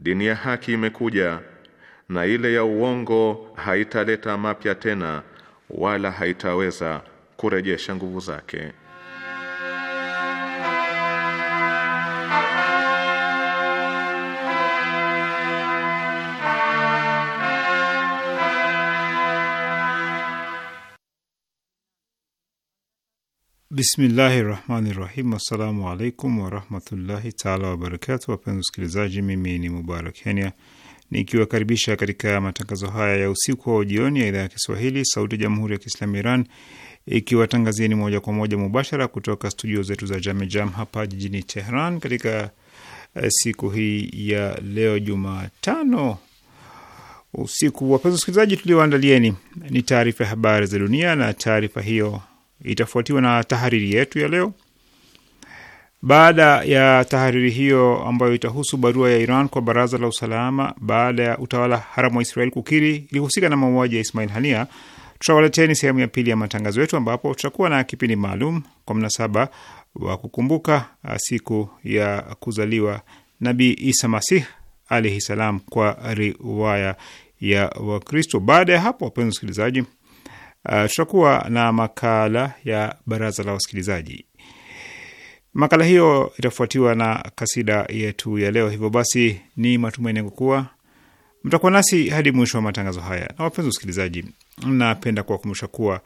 Dini ya haki imekuja na ile ya uongo haitaleta mapya tena wala haitaweza kurejesha nguvu zake. Bismillahi rahmani rahim. Assalamu alaikum warahmatullahi taala wabarakatu. Wapenzi wasikilizaji, mimi ni Mubarak Kenya nikiwakaribisha katika matangazo haya ya usiku wa jioni ya idhaa ya Kiswahili sauti ya jamhuri ya Kiislamu Iran ikiwatangazia ni moja kwa moja mubashara kutoka studio zetu za Jamejam hapa jijini Tehran katika eh, siku hii ya leo Jumatano usiku. Wapenzi wasikilizaji, tulioandalieni ni taarifa ya habari za dunia na taarifa hiyo itafuatiwa na tahariri yetu ya leo. Baada ya tahariri hiyo ambayo itahusu barua ya Iran kwa Baraza la Usalama baada ya utawala haramu wa israel kukiri ilihusika na mauaji ya Ismail Hania, tutawaleteni sehemu ya pili ya matangazo yetu ambapo tutakuwa na kipindi maalum kwa mnasaba wa kukumbuka uh, siku ya kuzaliwa Nabii Isa Masih alaihi salam kwa riwaya ya Wakristo. Baada ya hapo, wapenzi wasikilizaji Uh, tutakuwa na makala ya baraza la wasikilizaji. Makala hiyo itafuatiwa na kasida yetu ya leo. Hivyo basi, ni matumaini yangu kuwa mtakuwa nasi hadi mwisho wa matangazo haya. Na wapenzi wasikilizaji, mnapenda kuwakumbusha kuwa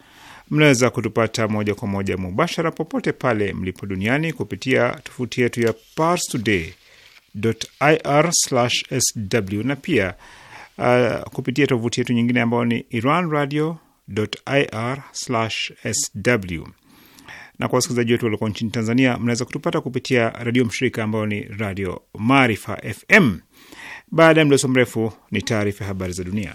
mnaweza kutupata moja kwa moja mubashara popote pale mlipo duniani kupitia tofuti yetu ya parstoday.ir/sw na pia uh, kupitia tovuti yetu nyingine ambayo ni Iran radio ir/sw. Na kwa wasikilizaji wetu walioko nchini Tanzania, mnaweza kutupata kupitia redio mshirika ambayo ni Radio Maarifa FM. Baada ya mdoso mrefu ni taarifa ya habari za dunia.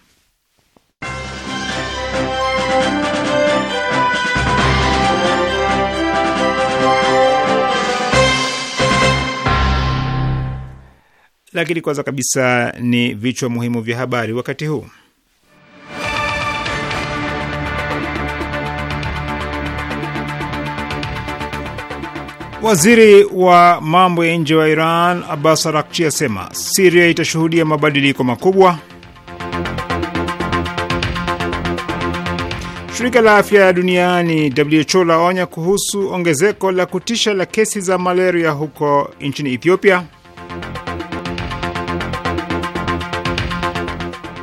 lakini kwanza kabisa ni vichwa muhimu vya habari wakati huu. Waziri wa mambo ya nje wa Iran Abbas Arakchi asema Siria itashuhudia mabadiliko makubwa. Shirika la afya duniani WHO laonya kuhusu ongezeko la kutisha la kesi za malaria huko nchini Ethiopia.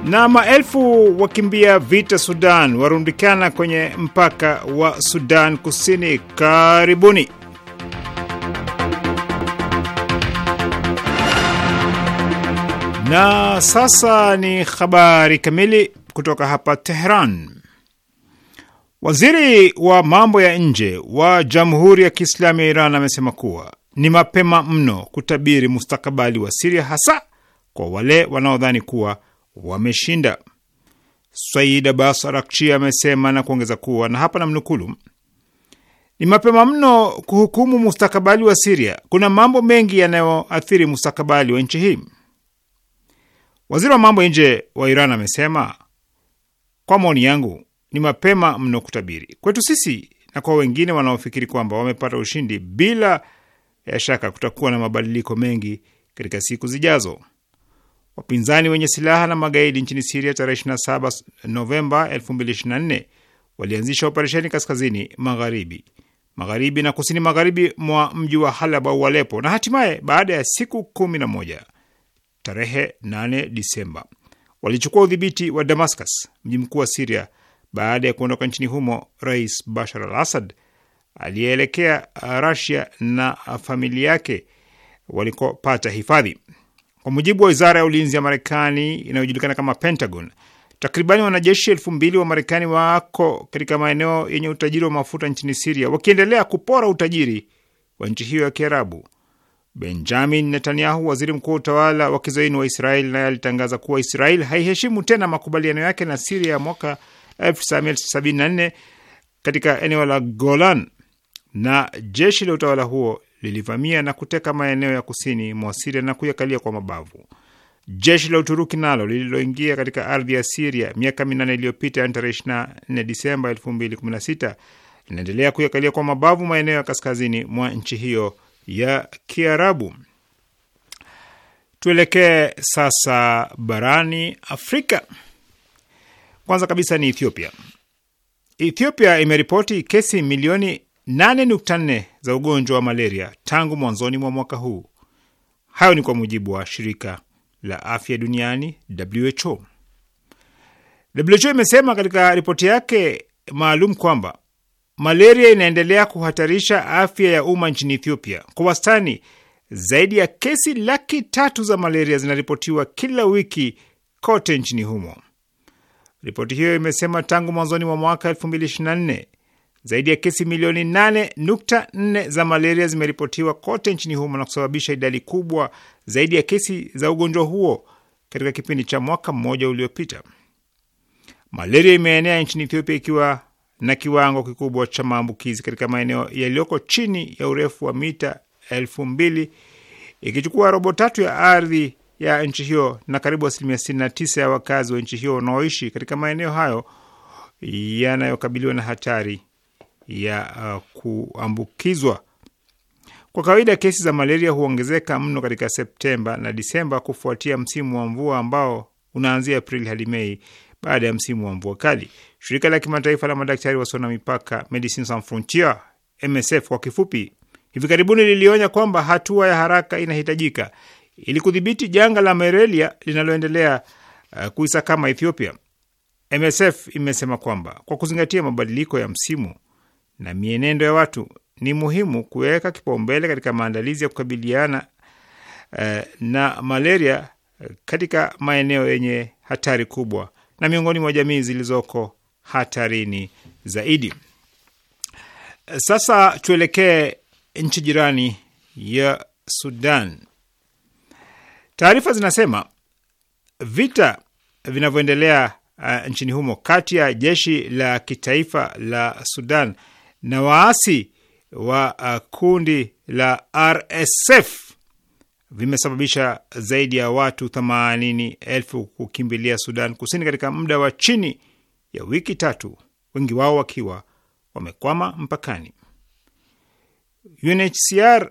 Na maelfu wakimbia vita Sudan warundikana kwenye mpaka wa Sudan Kusini. Karibuni. Na sasa ni habari kamili kutoka hapa Tehran. Waziri wa mambo ya nje wa Jamhuri ya Kiislamu ya Iran amesema kuwa ni mapema mno kutabiri mustakabali wa Siria hasa kwa wale wanaodhani kuwa wameshinda. Said Abbas Arakchi amesema na kuongeza kuwa, na hapa namnukulu, ni mapema mno kuhukumu mustakabali wa Siria. Kuna mambo mengi yanayoathiri mustakabali wa nchi hii. Waziri wa mambo ya nje wa Iran amesema, kwa maoni yangu ni mapema mno kutabiri. Kwetu sisi na kwa wengine wanaofikiri kwamba wamepata ushindi, bila ya shaka kutakuwa na mabadiliko mengi katika siku zijazo. Wapinzani wenye silaha na magaidi nchini Siria tarehe 27 Novemba 2024 walianzisha operesheni kaskazini magharibi magharibi na kusini magharibi mwa mji wa Halab au Alepo, na hatimaye baada ya siku kumi na moja tarehe 8 Disemba walichukua udhibiti wa Damascus, mji mkuu wa Siria, baada ya kuondoka nchini humo Rais Bashar al Assad aliyeelekea Rasia na familia yake walikopata hifadhi. Kwa mujibu wa wizara ya ulinzi ya Marekani inayojulikana kama Pentagon, takribani wanajeshi elfu mbili wa Marekani wako katika maeneo yenye utajiri wa mafuta nchini Siria wakiendelea kupora utajiri wa nchi hiyo ya Kiarabu. Benjamin Netanyahu, waziri mkuu wa utawala wa kizaini wa israel naye alitangaza kuwa israel haiheshimu tena makubaliano yake na Siria ya mwaka 1974 katika eneo la Golan na jeshi la utawala huo lilivamia na kuteka maeneo ya kusini mwa Siria na kuyakalia kwa mabavu. Jeshi la Uturuki nalo lililoingia katika ardhi ya Siria miaka minane iliyopita, yani tarehe 24 Disemba 2016 linaendelea kuyakalia kwa mabavu maeneo ya kaskazini mwa nchi hiyo ya Kiarabu. Tuelekee sasa barani Afrika. Kwanza kabisa ni Ethiopia. Ethiopia imeripoti kesi milioni 8.4 za ugonjwa wa malaria tangu mwanzoni mwa mwaka huu. Hayo ni kwa mujibu wa shirika la afya duniani WHO. WHO imesema katika ripoti yake maalum kwamba malaria inaendelea kuhatarisha afya ya umma nchini Ethiopia. Kwa wastani zaidi ya kesi laki tatu za malaria zinaripotiwa kila wiki kote nchini humo. Ripoti hiyo imesema tangu mwanzoni mwa mwaka 2024 zaidi ya kesi milioni 8.4 za malaria zimeripotiwa kote nchini humo na kusababisha idadi kubwa zaidi ya kesi za ugonjwa huo katika kipindi cha mwaka mmoja uliopita. Malaria imeenea nchini Ethiopia ikiwa na kiwango kikubwa cha maambukizi katika maeneo yaliyoko chini ya urefu wa mita elfu mbili ikichukua robo tatu ya ardhi ya nchi hiyo na karibu asilimia 69 ya wakazi wa nchi hiyo wanaoishi katika maeneo hayo yanayokabiliwa na hatari ya uh, kuambukizwa. Kwa kawaida kesi za malaria huongezeka mno katika Septemba na Disemba kufuatia msimu wa mvua ambao unaanzia Aprili hadi Mei baada ya msimu wa mvua kali. Shirika la kimataifa la madaktari wasio na mipaka Medecins Sans Frontieres, MSF kwa kifupi, hivi karibuni lilionya kwamba hatua ya haraka inahitajika ili kudhibiti janga la malaria linaloendelea uh, kuisakama Ethiopia. MSF imesema kwamba kwa kuzingatia mabadiliko ya msimu na mienendo ya watu. Ni muhimu kuweka kipaumbele katika maandalizi ya kukabiliana uh, na malaria katika maeneo yenye hatari kubwa na miongoni mwa jamii zilizoko hatarini zaidi. Sasa tuelekee nchi jirani ya Sudan. Taarifa zinasema vita vinavyoendelea uh, nchini humo kati ya jeshi la kitaifa la Sudan na waasi wa uh, kundi la RSF vimesababisha zaidi ya watu 80,000 kukimbilia Sudan Kusini katika muda wa chini ya wiki tatu, wengi wao wakiwa wamekwama mpakani. UNHCR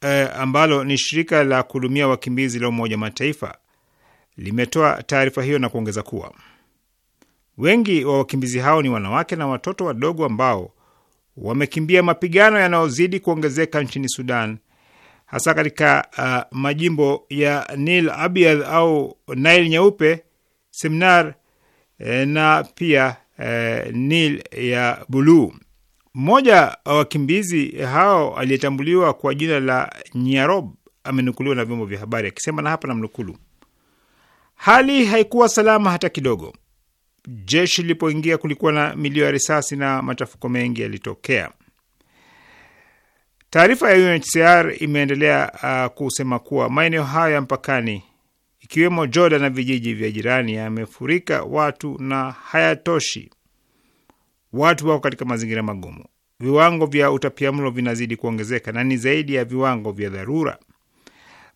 eh, ambalo ni shirika la kuhudumia wakimbizi la Umoja Mataifa limetoa taarifa hiyo na kuongeza kuwa Wengi wa wakimbizi hao ni wanawake na watoto wadogo ambao wamekimbia mapigano yanayozidi kuongezeka nchini Sudan, hasa katika uh, majimbo ya Nil Abyad au Nile Nyeupe, Semnar eh, na pia eh, Nil ya buluu. Mmoja wa wakimbizi hao aliyetambuliwa kwa jina la Nyarob amenukuliwa na vyombo vya habari akisema, na hapa namnukulu, hali haikuwa salama hata kidogo jeshi lilipoingia kulikuwa na milio ya risasi na machafuko mengi yalitokea. Taarifa ya UNHCR imeendelea uh, kusema kuwa maeneo hayo ya mpakani ikiwemo Jordan na vijiji vya jirani yamefurika watu na hayatoshi. Watu wako katika mazingira magumu, viwango vya utapiamlo vinazidi kuongezeka na ni zaidi ya viwango vya dharura.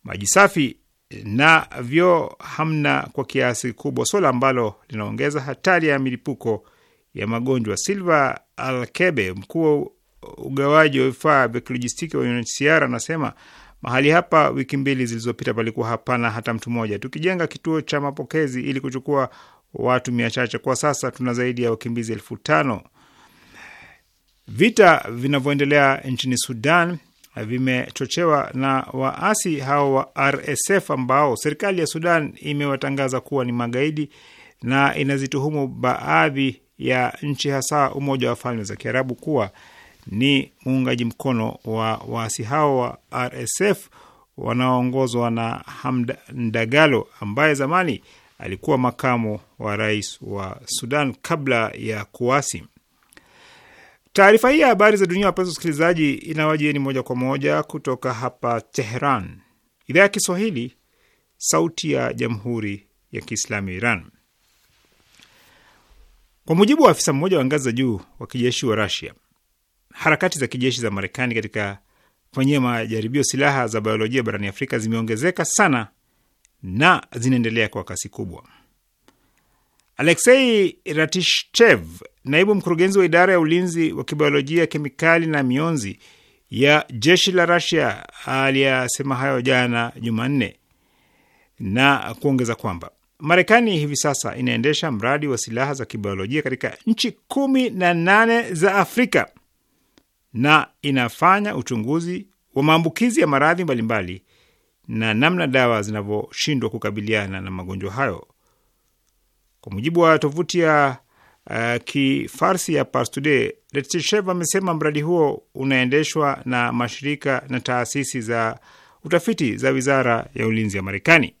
Maji safi navyo hamna kwa kiasi kubwa suala ambalo linaongeza hatari ya milipuko ya magonjwa. Silva Alkebe, mkuu wa ugawaji wa vifaa vya kilojistiki wa UNHCR, anasema mahali hapa wiki mbili zilizopita palikuwa hapana hata mtu mmoja, tukijenga kituo cha mapokezi ili kuchukua watu mia chache. Kwa sasa tuna zaidi ya wakimbizi elfu tano. Vita vinavyoendelea nchini Sudan vimechochewa na waasi hao wa RSF ambao serikali ya Sudan imewatangaza kuwa ni magaidi na inazituhumu baadhi ya nchi hasa Umoja wa Falme za Kiarabu kuwa ni muungaji mkono wa waasi hao wa RSF wanaoongozwa na Hamdan Dagalo ambaye zamani alikuwa makamu wa rais wa Sudan kabla ya kuasi. Taarifa hii ya habari za dunia, wapenzi wasikilizaji, inawajieni moja kwa moja kutoka hapa Tehran, idhaa ya Kiswahili, sauti ya jamhuri ya kiislamu ya Iran. Kwa mujibu wa afisa mmoja wa ngazi za juu wa kijeshi wa Rasia, harakati za kijeshi za Marekani katika kufanyia majaribio silaha za biolojia barani Afrika zimeongezeka sana na zinaendelea kwa kasi kubwa. Aleksei Ratishchev, naibu mkurugenzi wa idara ya ulinzi wa kibiolojia, kemikali na mionzi ya jeshi la Rasia, aliyasema hayo jana Jumanne na kuongeza kwamba Marekani hivi sasa inaendesha mradi wa silaha za kibiolojia katika nchi kumi na nane za Afrika na inafanya uchunguzi wa maambukizi ya maradhi mbalimbali na namna dawa zinavyoshindwa kukabiliana na magonjwa hayo. Kwa mujibu wa tovuti ya uh, Kifarsi ya Pars Today, Retsishev amesema mradi huo unaendeshwa na mashirika na taasisi za utafiti za wizara ya ulinzi ya Marekani.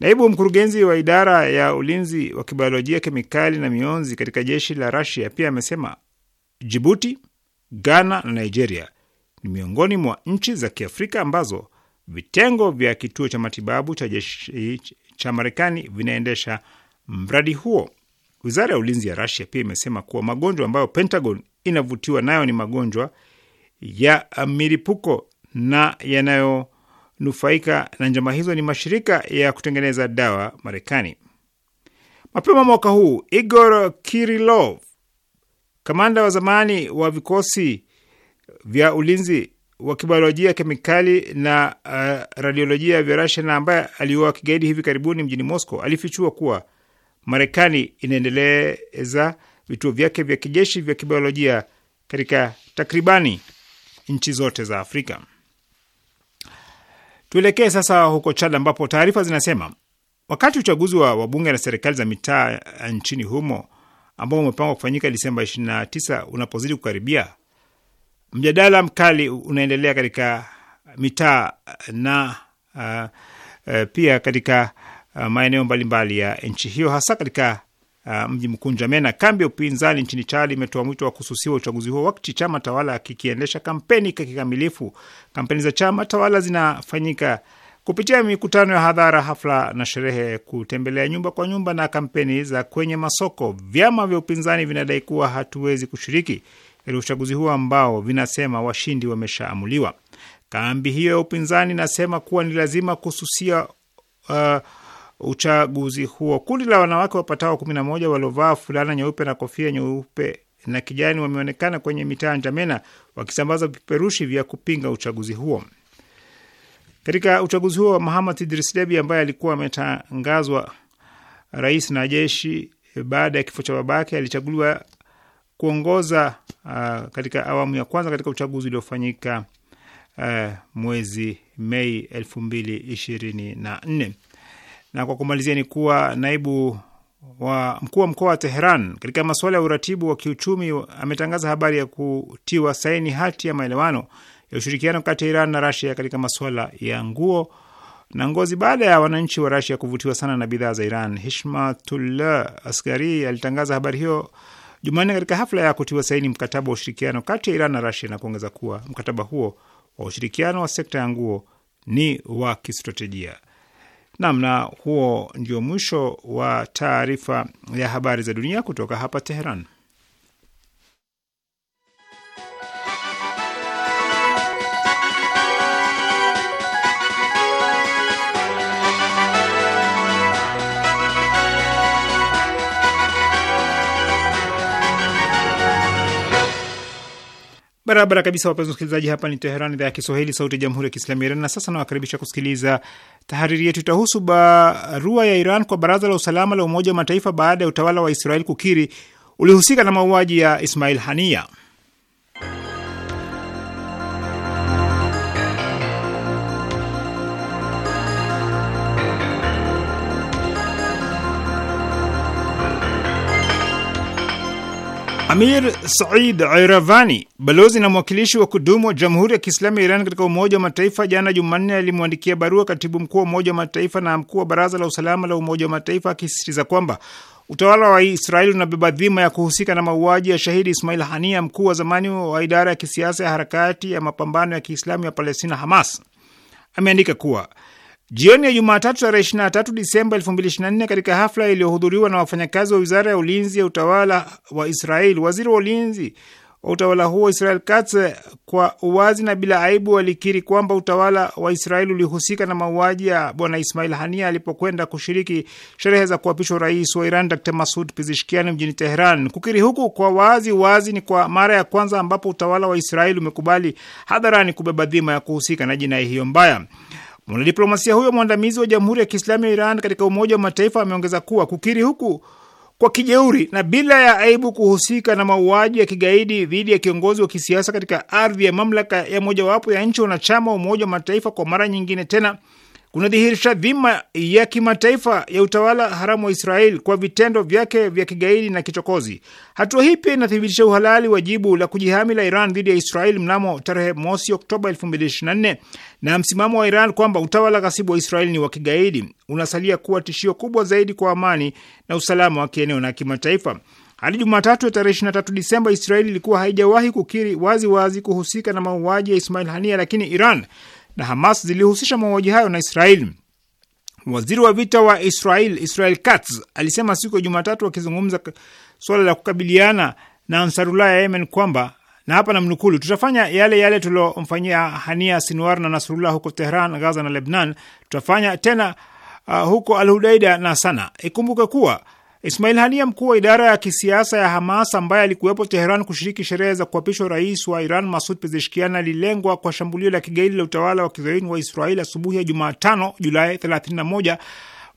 Naibu mkurugenzi wa idara ya ulinzi wa kibiolojia, kemikali na mionzi katika jeshi la Rasia pia amesema Jibuti, Ghana na Nigeria ni miongoni mwa nchi za Kiafrika ambazo vitengo vya kituo cha matibabu cha jeshi cha Marekani vinaendesha mradi huo. Wizara ya ulinzi ya Rasia pia imesema kuwa magonjwa ambayo Pentagon inavutiwa nayo ni magonjwa ya milipuko na yanayonufaika na njama hizo ni mashirika ya kutengeneza dawa Marekani. Mapema mwaka huu Igor Kirilov, kamanda wa zamani wa vikosi vya ulinzi wa kibiolojia, kemikali na uh, radiolojia vya Vyarasha na ambaye aliuawa kigaidi hivi karibuni mjini Moscow alifichua kuwa Marekani inaendeleza vituo vyake vya kijeshi vya kibiolojia katika takribani nchi zote za Afrika. Tuelekee sasa huko Chad ambapo taarifa zinasema wakati uchaguzi wa wabunge na serikali za mitaa nchini humo ambao umepangwa kufanyika Disemba 29 unapozidi kukaribia, Mjadala mkali unaendelea katika mitaa na uh, uh, pia katika uh, maeneo mbalimbali ya nchi hiyo hasa katika Uh, mji mkuu Njamena. Kambi ya upinzani nchini Chad imetoa mwito wa kususiwa uchaguzi huo wakati chama tawala kikiendesha kampeni kikamilifu. Kampeni za chama tawala zinafanyika kupitia mikutano ya hadhara, hafla na sherehe, kutembelea nyumba kwa nyumba na kampeni za kwenye masoko. Vyama vya upinzani vinadai kuwa hatuwezi kushiriki katika uchaguzi huo ambao vinasema washindi wameshaamuliwa. Kambi hiyo ya upinzani inasema kuwa ni lazima kususia uh, uchaguzi huo. Kundi la wanawake wapatao kumi na moja waliovaa fulana nyeupe na kofia nyeupe na kijani wameonekana kwenye mitaa Njamena wakisambaza vipeperushi vya kupinga uchaguzi huo. Katika uchaguzi huo wa Mahamad Idris Debi ambaye alikuwa ametangazwa rais na jeshi baada ya kifo cha babake alichaguliwa kuongoza uh, katika awamu ya kwanza katika uchaguzi uliofanyika uh, mwezi Mei elfu mbili ishirini na nne. Na kwa kumalizia ni kuwa naibu wa mkuu wa mkoa wa Teheran katika masuala ya uratibu wa kiuchumi ametangaza habari ya kutiwa saini hati ya maelewano ya ushirikiano kati ya Iran na Rasia katika masuala ya nguo na ngozi baada ya wananchi wa Rasia kuvutiwa sana na bidhaa za Iran. Hishmatullah Askari alitangaza habari hiyo Jumanne katika hafla ya kutiwa saini mkataba wa ushirikiano kati ya Iran na Rasia na kuongeza kuwa mkataba huo wa ushirikiano wa sekta ya nguo ni wa kistratejia. namna na huo ndio mwisho wa taarifa ya habari za dunia kutoka hapa Teheran. Barabara kabisa, wapenzi wasikilizaji, hapa ni Teheran, idhaa ya Kiswahili, sauti ya jamhuri ya kiislamu ya Iran. Na sasa nawakaribisha kusikiliza tahariri yetu. Itahusu barua ya Iran kwa baraza la usalama la Umoja wa Mataifa baada ya utawala wa Israel kukiri ulihusika na mauaji ya Ismail Hania. Amir Said Iravani, balozi na mwakilishi wa kudumu wa Jamhuri ya Kiislamu ya Iran katika Umoja wa Mataifa, jana Jumanne, alimwandikia barua katibu mkuu wa Umoja wa Mataifa na mkuu wa Baraza la Usalama la Umoja wa Mataifa akisisitiza kwamba utawala wa Israeli unabeba dhima ya kuhusika na mauaji ya shahidi Ismail Hania, mkuu wa zamani wa idara ya kisiasa ya harakati ya mapambano ya Kiislamu ya Palestina, Hamas. Ameandika kuwa Jioni ya Jumatatu tarehe 23 Disemba 2024 katika hafla iliyohudhuriwa na wafanyakazi wa wizara ya ulinzi ya utawala wa Israel, waziri wa ulinzi wa utawala huo Israel Katz kwa uwazi na bila aibu walikiri kwamba utawala wa Israel ulihusika na mauaji ya bwana Ismail Hania alipokwenda kushiriki sherehe za kuapishwa rais wa Iran Dr Masud Pezeshkian mjini Teheran. Kukiri huku kwa wazi wazi ni kwa mara ya kwanza ambapo utawala wa Israel umekubali hadharani kubeba dhima ya kuhusika na jinai hiyo mbaya. Mwanadiplomasia huyo mwandamizi wa Jamhuri ya Kiislamu ya Iran katika Umoja wa Mataifa ameongeza kuwa kukiri huku kwa kijeuri na bila ya aibu kuhusika na mauaji ya kigaidi dhidi ya kiongozi wa kisiasa katika ardhi ya mamlaka ya mojawapo ya nchi wanachama wa Umoja wa Mataifa kwa mara nyingine tena kunadhihirisha dhima ya kimataifa ya utawala haramu wa israel kwa vitendo vyake vya kigaidi na kichokozi. Hatua hii pia inathibitisha uhalali wa jibu la kujihami la Iran dhidi ya israel mnamo tarehe mosi Oktoba 2024 na msimamo wa Iran kwamba utawala ghasibu wa Israel ni wa kigaidi unasalia kuwa tishio kubwa zaidi kwa amani na usalama wa kieneo na kimataifa. Hadi Jumatatu ya tarehe 23 Disemba, Israeli ilikuwa haijawahi kukiri waziwazi wazi kuhusika na mauaji ya Ismail Hania, lakini Iran na Hamas zilihusisha mauaji hayo na Israel. Waziri wa vita wa Israel, Israel Katz, alisema siku ya Jumatatu akizungumza suala la kukabiliana na Ansarullah ya Yemen kwamba na hapa na mnukulu, tutafanya yale yale tuliomfanyia Hania Sinwar na Nasrullah huko Tehran, Gaza na Lebnan, tutafanya tena uh, huko Alhudaida na Sana. Ikumbuke kuwa Ismail Hania, mkuu wa idara ya kisiasa ya Hamas ambaye alikuwepo Teheran kushiriki sherehe za kuapishwa rais wa Iran Masud Pezeshkian, alilengwa kwa shambulio la kigaidi la utawala wa kizayuni wa Israel asubuhi ya Jumatano, Julai 31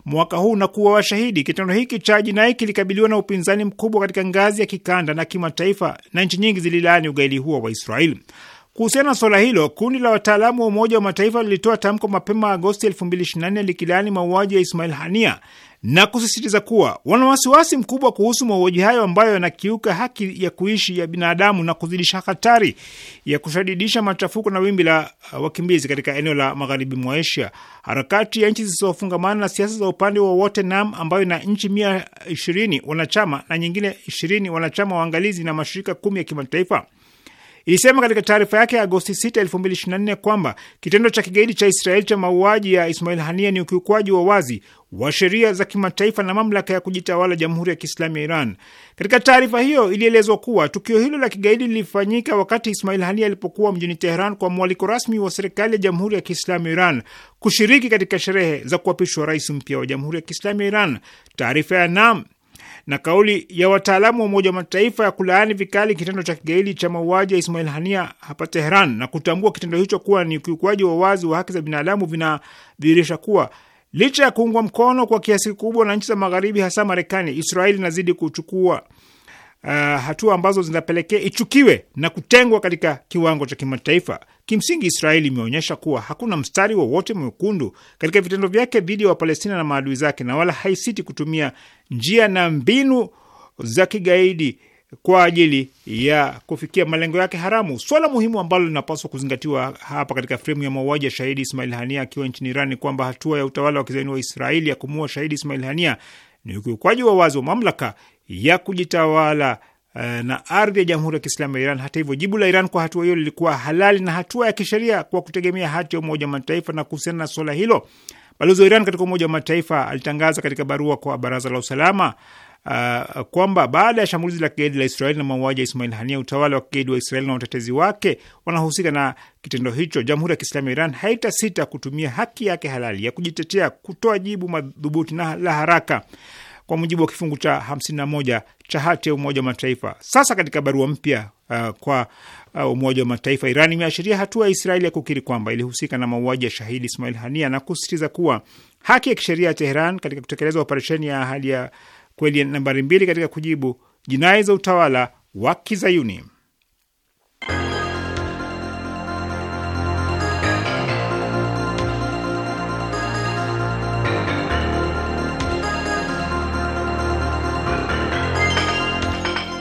mwaka huu na kuwa washahidi. Kitendo hiki cha jinai kilikabiliwa na upinzani mkubwa katika ngazi ya kikanda na kimataifa, na nchi nyingi zililaani ugaidi huo wa Israeli. Kuhusiana na suala hilo, kundi la wataalamu wa Umoja wa Mataifa lilitoa tamko mapema Agosti 2024 likilaani mauaji ya Ismail Hania na kusisitiza kuwa wana wasiwasi mkubwa kuhusu mauaji hayo ambayo yanakiuka haki ya kuishi ya binadamu na kuzidisha hatari ya kushadidisha machafuko na wimbi la uh, wakimbizi katika eneo la magharibi mwa Asia. Harakati ya nchi zisizofungamana na siasa za upande wowote NAM, ambayo ina nchi mia ishirini wanachama na nyingine ishirini wanachama waangalizi na mashirika kumi ya kimataifa ilisema katika taarifa yake ya Agosti 6, 2024 kwamba kitendo cha kigaidi cha Israeli cha mauaji ya Ismail Hania ni ukiukwaji wa wazi wa sheria za kimataifa na mamlaka ya kujitawala Jamhuri ya Kiislamu ya Iran. Katika taarifa hiyo ilielezwa kuwa tukio hilo la kigaidi lilifanyika wakati Ismail Hania alipokuwa mjini Teheran kwa mwaliko rasmi wa serikali ya Jamhuri ya Kiislamu ya Iran kushiriki katika sherehe za kuapishwa rais mpya wa Jamhuri ya Kiislamu ya Iran. Taarifa ya NAM na kauli ya wataalamu wa Umoja wa Mataifa ya kulaani vikali kitendo cha kigaidi cha mauaji ya Ismail Hania hapa Teheran na kutambua kitendo hicho kuwa ni ukiukwaji wa wazi wa haki za binadamu vinadhihirisha kuwa licha ya kuungwa mkono kwa kiasi kikubwa na nchi za Magharibi, hasa Marekani, Israeli inazidi kuchukua uh, hatua ambazo zinapelekea ichukiwe na kutengwa katika kiwango cha kimataifa. Kimsingi, Israeli imeonyesha kuwa hakuna mstari wowote mwekundu katika vitendo vyake dhidi ya Wapalestina na maadui zake, na wala haisiti kutumia njia na mbinu za kigaidi kwa ajili ya kufikia malengo yake haramu. Swala muhimu ambalo linapaswa kuzingatiwa hapa katika fremu ya mauaji ya shahidi Ismail Hania akiwa nchini Iran ni kwamba hatua ya utawala wa kizaini wa Israeli ya kumuua shahidi Ismail Hania ni ukiukwaji wa wazi wa mamlaka ya kujitawala eh, na ardhi ya Jamhuri ya Kiislamu ya Iran. Hata hivyo, jibu la Iran kwa hatua hiyo lilikuwa halali na hatua ya kisheria kwa kutegemea hati ya Umoja wa Mataifa. Na kuhusiana na suala hilo, balozi wa Iran katika Umoja wa Mataifa alitangaza katika barua kwa Baraza la Usalama Uh, kwamba baada ya shambulizi la kigaidi la Israeli na mauaji ya Ismail Hania, utawala wa kigaidi wa Israeli na watetezi wake wanahusika na kitendo hicho. Jamhuri ya Kiislamu ya Iran haitasita kutumia haki yake halali ya kujitetea, kutoa jibu madhubuti na la haraka kwa mujibu wa kifungu cha 51 cha hati ya Umoja wa Mataifa. Sasa katika barua mpya uh, kwa uh, Umoja wa Mataifa, Iran imeashiria hatua ya Israeli ya kukiri kwamba ilihusika na mauaji ya shahidi Ismail Hania na kusisitiza kuwa haki ya kisheria ya Teheran katika kutekeleza operesheni ya hali ya kweli nambari mbili katika kujibu jinai za utawala wa Kizayuni.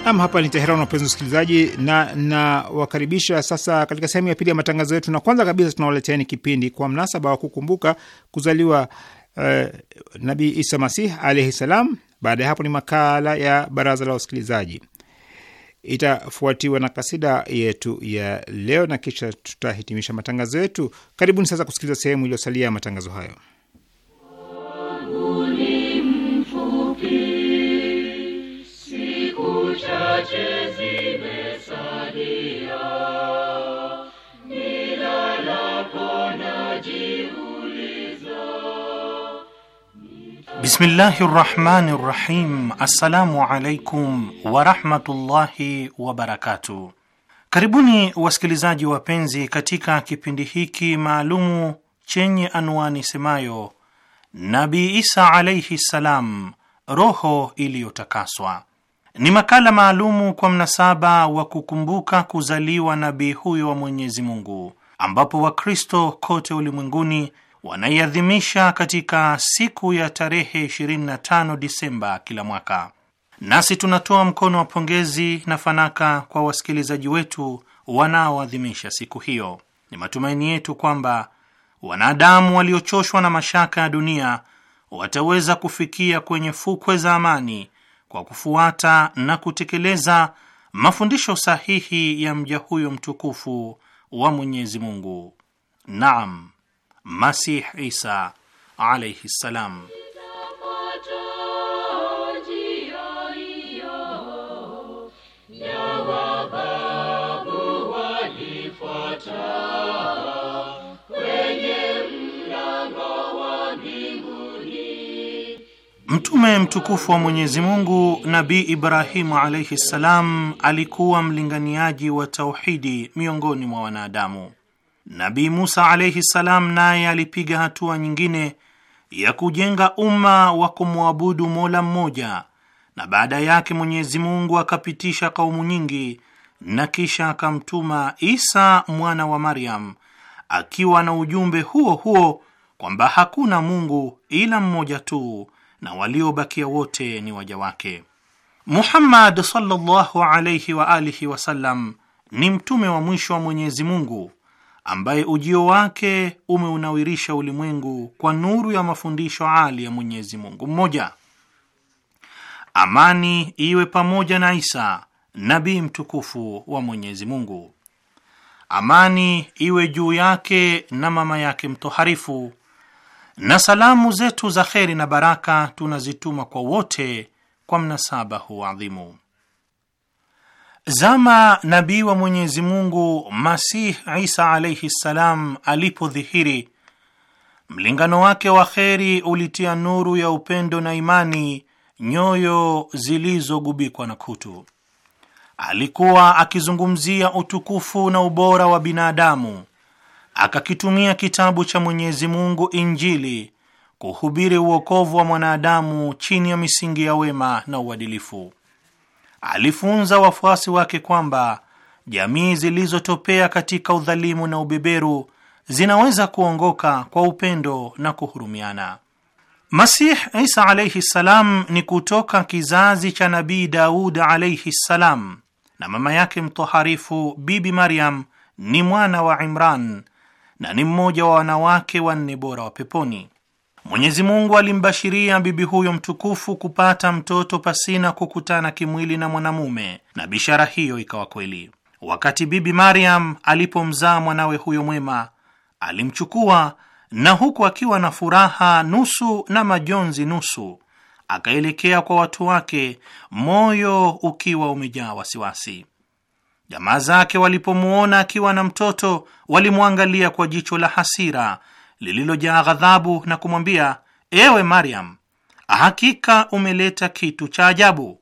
Nam, hapa ni Teheran, wapenzi msikilizaji, na nawakaribisha sasa katika sehemu ya pili ya matangazo yetu, na kwanza kabisa tunawaleteni kipindi kwa mnasaba wa kukumbuka kuzaliwa uh, Nabii Isa Masih alaihi salam. Baada ya hapo ni makala ya baraza la wasikilizaji, itafuatiwa na kasida yetu ya leo na kisha tutahitimisha matangazo yetu. Karibuni sasa kusikiliza sehemu iliyosalia ya matangazo hayo. Kucha ce zimesalia, Bismillahi rahmani rahim. Assalamu alaikum warahmatullahi wabarakatuh. Karibuni wasikilizaji wapenzi, katika kipindi hiki maalumu chenye anwani semayo Nabii Isa alaihi ssalam, roho iliyotakaswa. Ni makala maalumu kwa mnasaba wa kukumbuka kuzaliwa nabii huyo wa Mwenyezi Mungu, ambapo Wakristo kote ulimwenguni wanaiadhimisha katika siku ya tarehe 25 Disemba kila mwaka. Nasi tunatoa mkono wa pongezi na fanaka kwa wasikilizaji wetu wanaoadhimisha siku hiyo. Ni matumaini yetu kwamba wanadamu waliochoshwa na mashaka ya dunia wataweza kufikia kwenye fukwe za amani kwa kufuata na kutekeleza mafundisho sahihi ya mja huyo mtukufu wa Mwenyezi Mungu. Naam, Masih Isa alaihi ssalam. Mtume mtukufu wa Mwenyezi Mungu Nabii Ibrahimu alayhi ssalam alikuwa mlinganiaji wa tauhidi miongoni mwa wanadamu. Nabii Musa alayhi ssalam naye alipiga hatua nyingine ya kujenga umma wa kumwabudu Mola mmoja, na baada yake Mwenyezi Mungu akapitisha kaumu nyingi na kisha akamtuma Isa mwana wa Maryam akiwa na ujumbe huo huo kwamba hakuna Mungu ila mmoja tu na waliobakia wote ni waja wake. Muhammad sallallahu alayhi wa alihi wasallam ni mtume wa mwisho wa Mwenyezi Mungu ambaye ujio wake umeunawirisha ulimwengu kwa nuru ya mafundisho ali ya Mwenyezi Mungu mmoja. Amani iwe pamoja na Isa nabii mtukufu wa Mwenyezi Mungu, amani iwe juu yake na mama yake mtoharifu na salamu zetu za kheri na baraka tunazituma kwa wote kwa mnasaba huu adhimu. Zama nabii wa Mwenyezi Mungu Masih Isa alaihi ssalam alipodhihiri, mlingano wake wa kheri ulitia nuru ya upendo na imani nyoyo zilizogubikwa na kutu. Alikuwa akizungumzia utukufu na ubora wa binadamu akakitumia kitabu cha Mwenyezi Mungu, Injili, kuhubiri uokovu wa mwanadamu chini ya misingi ya wema na uadilifu. Alifunza wafuasi wake kwamba jamii zilizotopea katika udhalimu na ubeberu zinaweza kuongoka kwa upendo na kuhurumiana. Masih Isa alaihi ssalam ni kutoka kizazi cha Nabii Daud alaihi ssalam, na mama yake mtoharifu Bibi Maryam ni mwana wa Imran na ni mmoja wa wanawake wanne bora wa peponi. Mwenyezi Mungu alimbashiria bibi huyo mtukufu kupata mtoto pasina kukutana kimwili na mwanamume, na bishara hiyo ikawa kweli. Wakati bibi Mariam alipomzaa mwanawe huyo mwema, alimchukua na huku akiwa na furaha nusu na majonzi nusu, akaelekea kwa watu wake, moyo ukiwa umejaa wasiwasi. Jamaa zake walipomwona akiwa na mtoto walimwangalia kwa jicho la hasira lililojaa ghadhabu na kumwambia, ewe Maryam, hakika umeleta kitu cha ajabu.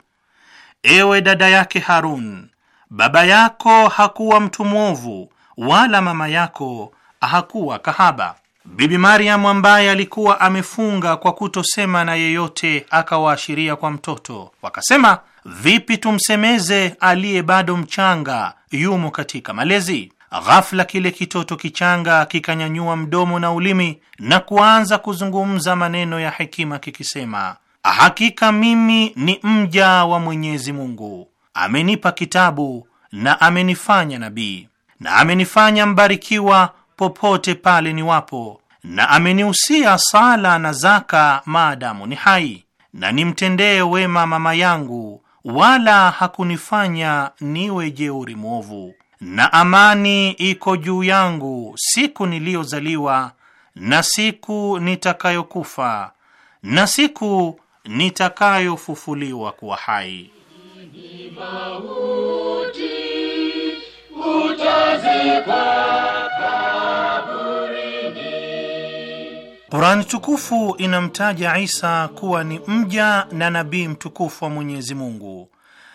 Ewe dada yake Harun, baba yako hakuwa mtu mwovu wala mama yako hakuwa kahaba. Bibi mariam ambaye alikuwa amefunga kwa kutosema na yeyote akawaashiria kwa mtoto, wakasema Vipi tumsemeze aliye bado mchanga, yumo katika malezi? Ghafla kile kitoto kichanga kikanyanyua mdomo na ulimi na kuanza kuzungumza maneno ya hekima kikisema, hakika mimi ni mja wa Mwenyezi Mungu, amenipa kitabu na amenifanya nabii na amenifanya mbarikiwa popote pale niwapo, na amenihusia sala na zaka maadamu ni hai, na nimtendee wema mama yangu wala hakunifanya niwe jeuri mwovu, na amani iko juu yangu siku niliyozaliwa na siku nitakayokufa na siku nitakayofufuliwa kuwa hai. utazikwa Qurani tukufu inamtaja Isa kuwa ni mja na nabii mtukufu wa Mwenyezi Mungu,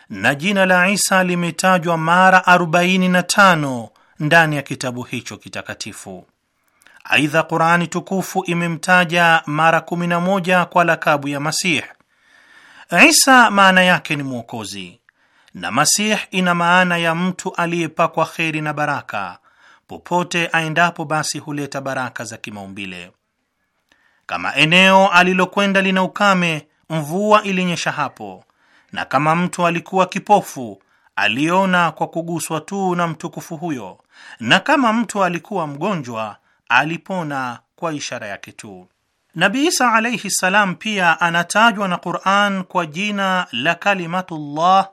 na jina la Isa limetajwa mara 45 ndani ya kitabu hicho kitakatifu. Aidha, Qurani tukufu imemtaja mara 11 kwa lakabu ya Masih. Isa maana yake ni mwokozi, na Masih ina maana ya mtu aliyepakwa kheri na baraka. Popote aendapo, basi huleta baraka za kimaumbile. Kama eneo alilokwenda lina ukame, mvua ilinyesha hapo, na kama mtu alikuwa kipofu, aliona kwa kuguswa tu na mtukufu huyo, na kama mtu alikuwa mgonjwa, alipona kwa ishara yake tu. Nabi Isa alaihi ssalam pia anatajwa na Quran kwa jina la Kalimatullah,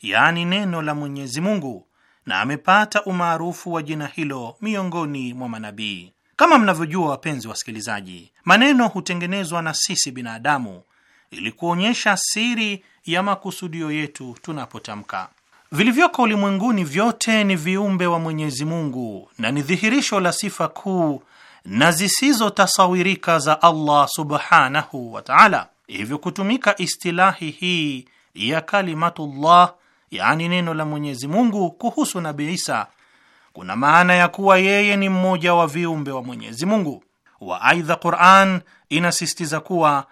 yaani neno la Mwenyezi Mungu, na amepata umaarufu wa jina hilo miongoni mwa manabii. Kama mnavyojua wapenzi wasikilizaji, maneno hutengenezwa na sisi binadamu ili kuonyesha siri ya makusudio yetu tunapotamka. Vilivyoko ulimwenguni vyote ni viumbe wa Mwenyezi Mungu na ni dhihirisho la sifa kuu na zisizotasawirika za Allah subhanahu wa taala. Hivyo kutumika istilahi hii ya Kalimatullah, yaani neno la Mwenyezi Mungu kuhusu Nabii Isa kuna maana ya kuwa yeye ni mmoja wa viumbe wa Mwenyezi Mungu. wa aidha, Quran inasisitiza kuwa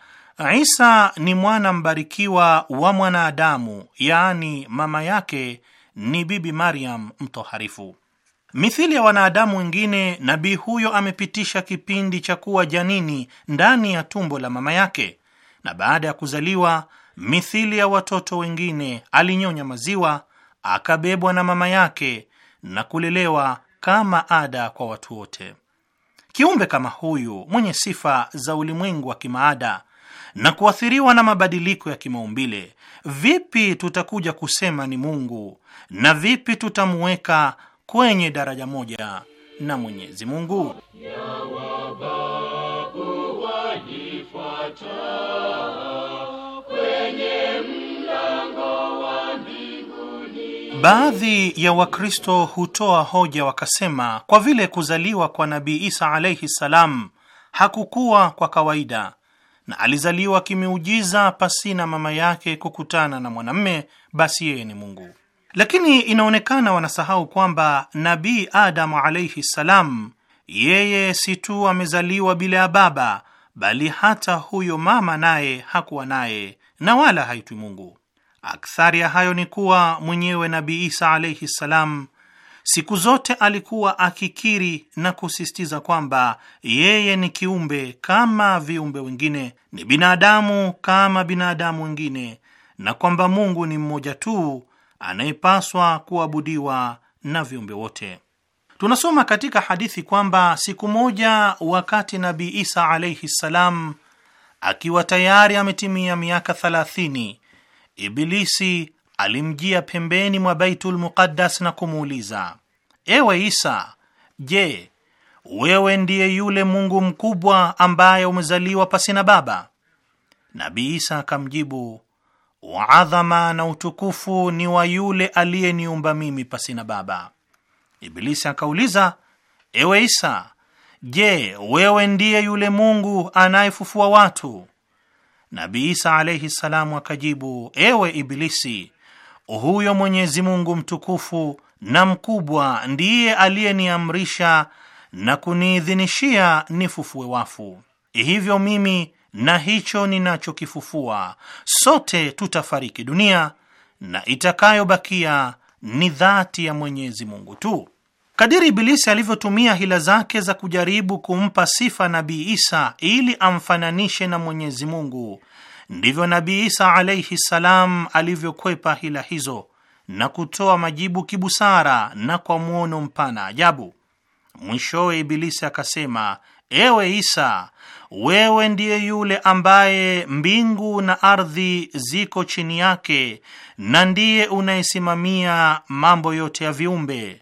Isa ni mwana mbarikiwa wa mwanadamu, yaani mama yake ni Bibi Maryam mtoharifu. Mithili ya wanadamu wengine, nabii huyo amepitisha kipindi cha kuwa janini ndani ya tumbo la mama yake, na baada ya kuzaliwa, mithili ya watoto wengine, alinyonya maziwa, akabebwa na mama yake na kulelewa kama ada kwa watu wote. Kiumbe kama huyu mwenye sifa za ulimwengu wa kimaada na kuathiriwa na mabadiliko ya kimaumbile, vipi tutakuja kusema ni Mungu na vipi tutamuweka kwenye daraja moja na Mwenyezi Mungu? Baadhi ya Wakristo hutoa hoja wakasema, kwa vile kuzaliwa kwa Nabii Isa alaihi salam hakukuwa kwa kawaida na alizaliwa kimeujiza pasina mama yake kukutana na mwanamme, basi yeye ni Mungu. Lakini inaonekana wanasahau kwamba Nabii Adamu alaihi salam, yeye si tu amezaliwa bila ya baba, bali hata huyo mama naye hakuwa naye na wala haitwi Mungu. Akthari ya hayo ni kuwa mwenyewe Nabii Isa alaihi ssalam siku zote alikuwa akikiri na kusisitiza kwamba yeye ni kiumbe kama viumbe wengine, ni binadamu kama binadamu wengine, na kwamba Mungu ni mmoja tu anayepaswa kuabudiwa na viumbe wote. Tunasoma katika hadithi kwamba siku moja, wakati Nabii Isa alaihi ssalam akiwa tayari ametimia miaka 30 Ibilisi alimjia pembeni mwa Baitul Muqaddas na kumuuliza, ewe Isa, je, wewe ndiye yule Mungu mkubwa ambaye umezaliwa pasina baba? Nabii Isa akamjibu, uadhama na utukufu ni wa yule aliyeniumba mimi pasina baba. Ibilisi akauliza, ewe Isa, je, wewe ndiye yule Mungu anayefufua watu? Nabii Isa alaihi ssalamu akajibu, ewe Ibilisi, huyo Mwenyezi Mungu mtukufu na mkubwa ndiye aliyeniamrisha na kuniidhinishia nifufue wafu, hivyo mimi na hicho ninachokifufua sote tutafariki dunia na itakayobakia ni dhati ya Mwenyezi Mungu tu. Kadiri Ibilisi alivyotumia hila zake za kujaribu kumpa sifa Nabii Isa ili amfananishe na Mwenyezi Mungu, ndivyo Nabii Isa alaihi ssalam alivyokwepa hila hizo na kutoa majibu kibusara na kwa mwono mpana ajabu. Mwishowe Ibilisi akasema, ewe Isa, wewe ndiye yule ambaye mbingu na ardhi ziko chini yake na ndiye unayesimamia mambo yote ya viumbe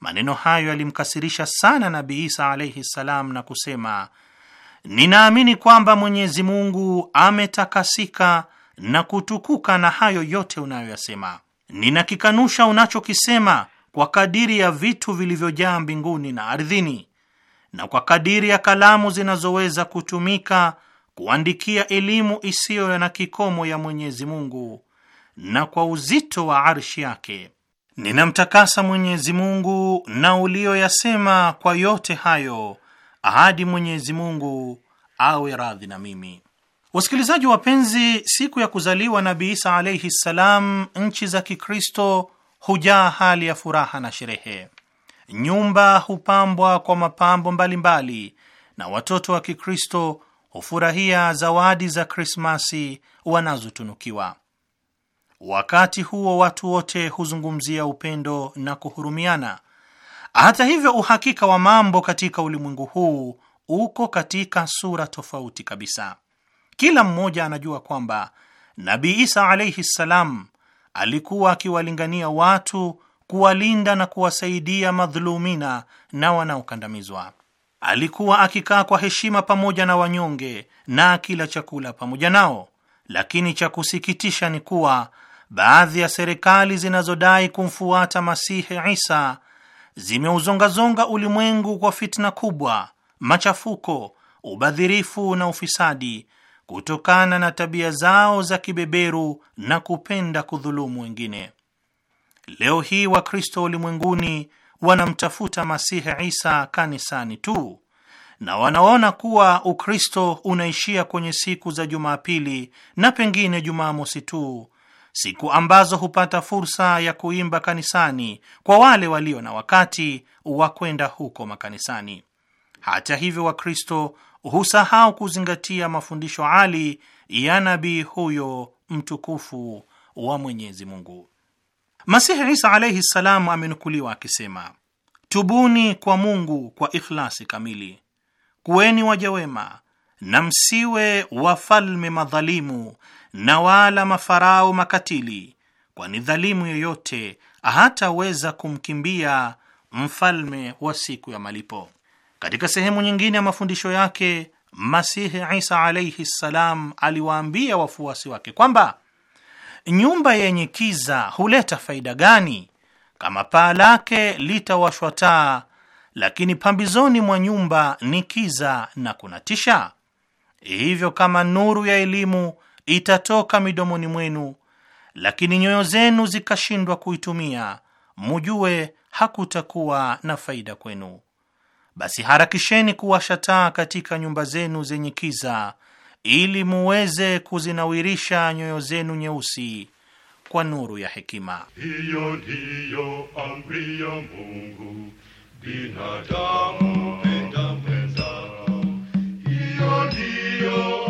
Maneno hayo yalimkasirisha sana Nabii Isa alaihi ssalam, na kusema, ninaamini kwamba Mwenyezi Mungu ametakasika na kutukuka na hayo yote unayoyasema. Ninakikanusha unachokisema kwa kadiri ya vitu vilivyojaa mbinguni na ardhini na kwa kadiri ya kalamu zinazoweza kutumika kuandikia elimu isiyo na kikomo ya Mwenyezi Mungu na kwa uzito wa arshi yake Ninamtakasa Mwenyezi Mungu na uliyoyasema kwa yote hayo, ahadi Mwenyezi Mungu awe radhi na mimi. Wasikilizaji wapenzi, siku ya kuzaliwa Nabii Isa alaihi ssalam, nchi za Kikristo hujaa hali ya furaha na sherehe. Nyumba hupambwa kwa mapambo mbalimbali mbali, na watoto wa Kikristo hufurahia zawadi za Krismasi wanazotunukiwa. Wakati huo watu wote huzungumzia upendo na kuhurumiana. Hata hivyo, uhakika wa mambo katika ulimwengu huu uko katika sura tofauti kabisa. Kila mmoja anajua kwamba Nabii Isa alaihi ssalam alikuwa akiwalingania watu kuwalinda na kuwasaidia madhulumina na wanaokandamizwa. Alikuwa akikaa kwa heshima pamoja na wanyonge na akila chakula pamoja nao, lakini cha kusikitisha ni kuwa baadhi ya serikali zinazodai kumfuata Masihi Isa zimeuzongazonga ulimwengu kwa fitna kubwa, machafuko, ubadhirifu na ufisadi kutokana na tabia zao za kibeberu na kupenda kudhulumu wengine. Leo hii Wakristo ulimwenguni wanamtafuta Masihi Isa kanisani tu na wanaona kuwa Ukristo unaishia kwenye siku za Jumapili na pengine Jumamosi tu siku ambazo hupata fursa ya kuimba kanisani kwa wale walio na wakati wa kwenda huko makanisani. Hata hivyo, Wakristo husahau kuzingatia mafundisho ali ya nabii huyo mtukufu wa Mwenyezi Mungu. Masihi Isa alaihi ssalam amenukuliwa akisema, tubuni kwa Mungu kwa ikhlasi kamili, kuweni wajawema na msiwe wafalme madhalimu na wala mafarao makatili, kwani dhalimu yoyote hataweza kumkimbia mfalme wa siku ya malipo. Katika sehemu nyingine ya mafundisho yake Masihi Isa alaihi ssalam aliwaambia wafuasi wake kwamba nyumba yenye kiza huleta faida gani kama paa lake litawashwa taa, lakini pambizoni mwa nyumba ni kiza na kunatisha? Hivyo kama nuru ya elimu itatoka midomoni mwenu, lakini nyoyo zenu zikashindwa kuitumia, mujue hakutakuwa na faida kwenu. Basi harakisheni kuwasha taa katika nyumba zenu zenye kiza, ili muweze kuzinawirisha nyoyo zenu nyeusi kwa nuru ya hekima. Hiyo ndiyo amri ya Mungu, binadamu penda mwenzako. Hiyo ndiyo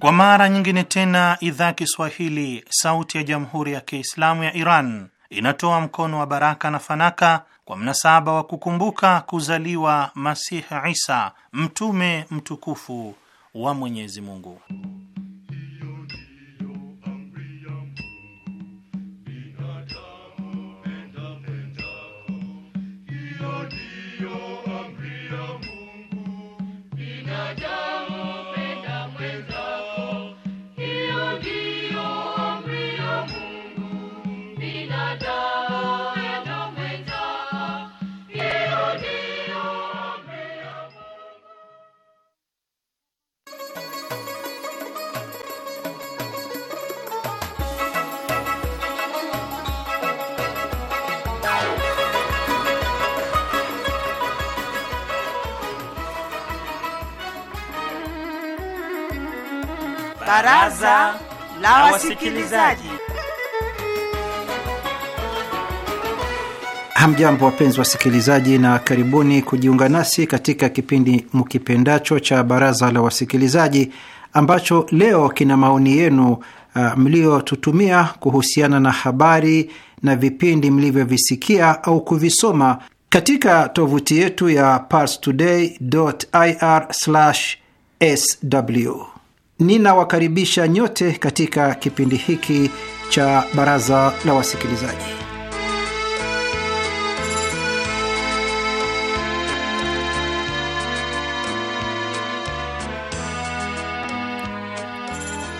kwa mara nyingine tena, idhaa ya Kiswahili sauti ya jamhuri ya Kiislamu ya Iran inatoa mkono wa baraka na fanaka kwa mnasaba wa kukumbuka kuzaliwa Masihi Isa, mtume mtukufu wa Mwenyezi Mungu. Baraza la Wasikilizaji. Hamjambo, wapenzi wasikilizaji, na karibuni kujiunga nasi katika kipindi mkipendacho cha Baraza la Wasikilizaji ambacho leo kina maoni yenu uh, mliotutumia kuhusiana na habari na vipindi mlivyovisikia au kuvisoma katika tovuti yetu ya parstoday.ir/sw. Ninawakaribisha nyote katika kipindi hiki cha Baraza la Wasikilizaji.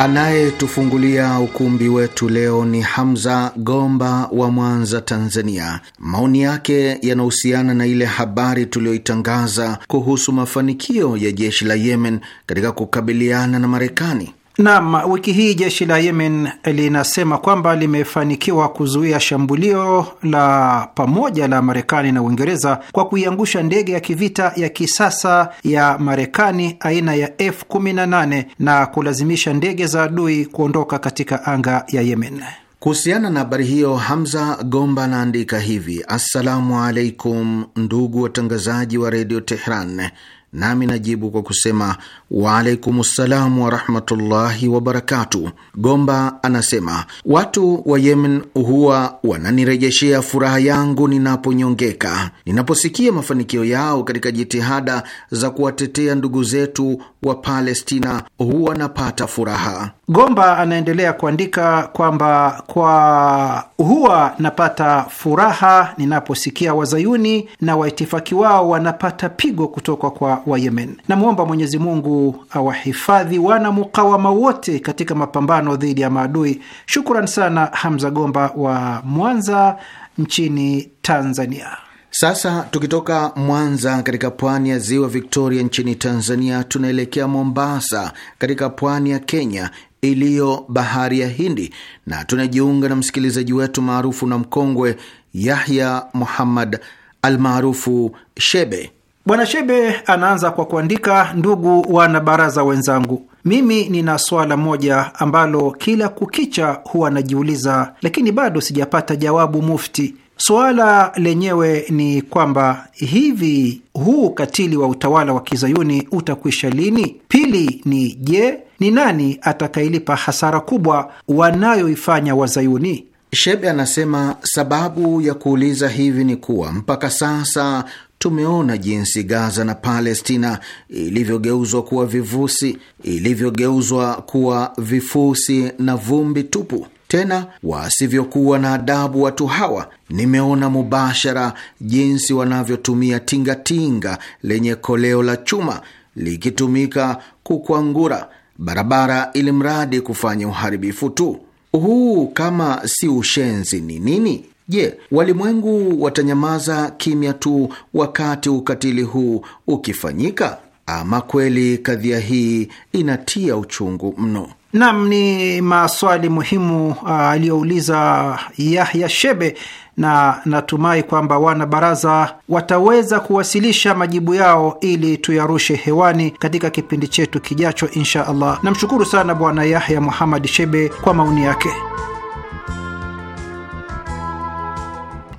Anayetufungulia ukumbi wetu leo ni Hamza Gomba wa Mwanza, Tanzania. Maoni yake yanahusiana na ile habari tuliyoitangaza kuhusu mafanikio ya jeshi la Yemen katika kukabiliana na Marekani. Naam, wiki hii jeshi la Yemen linasema kwamba limefanikiwa kuzuia shambulio la pamoja la Marekani na Uingereza kwa kuiangusha ndege ya kivita ya kisasa ya Marekani aina ya F-18 na kulazimisha ndege za adui kuondoka katika anga ya Yemen. Kuhusiana na habari hiyo, Hamza Gomba anaandika hivi: assalamu alaikum, ndugu watangazaji wa redio Tehran. Nami najibu kwa kusema waalaikumussalam warahmatullahi wabarakatu. Gomba anasema watu wa Yemen huwa wananirejeshea furaha yangu ninaponyongeka, ninaposikia mafanikio yao katika jitihada za kuwatetea ndugu zetu wa Palestina, huwa napata furaha. Gomba anaendelea kuandika kwamba kwa huwa napata furaha ninaposikia wazayuni na waitifaki wao wanapata pigo kutoka kwa Wayemen. Namwomba Mwenyezi Mungu awahifadhi wana mukawama wote katika mapambano dhidi ya maadui. Shukran sana Hamza Gomba wa Mwanza nchini Tanzania. Sasa tukitoka Mwanza katika pwani ya ziwa Victoria nchini Tanzania, tunaelekea Mombasa katika pwani ya Kenya iliyo bahari ya Hindi, na tunajiunga na msikilizaji wetu maarufu na mkongwe Yahya Muhammad almaarufu Shebe. Bwana Shebe anaanza kwa kuandika: ndugu wanabaraza wenzangu, mimi nina swala moja ambalo kila kukicha huwa najiuliza, lakini bado sijapata jawabu Mufti. Suala lenyewe ni kwamba hivi huu ukatili wa utawala wa kizayuni utakwisha lini? Pili ni je, ni nani atakayelipa hasara kubwa wanayoifanya Wazayuni? Shebe anasema sababu ya kuuliza hivi ni kuwa mpaka sasa tumeona jinsi Gaza na Palestina ilivyogeuzwa kuwa vivusi, ilivyogeuzwa kuwa vifusi na vumbi tupu. Tena wasivyokuwa na adabu watu hawa. Nimeona mubashara jinsi wanavyotumia tingatinga lenye koleo la chuma likitumika kukwangura barabara, ili mradi kufanya uharibifu tu. Huu kama si ushenzi ni nini? Je, walimwengu watanyamaza kimya tu wakati ukatili huu ukifanyika? Ama kweli kadhia hii inatia uchungu mno. Nam, ni maswali muhimu uh, aliyouliza Yahya Shebe na natumai kwamba wana baraza wataweza kuwasilisha majibu yao ili tuyarushe hewani katika kipindi chetu kijacho, insha Allah. Namshukuru sana Bwana Yahya Muhamad Shebe kwa maoni yake.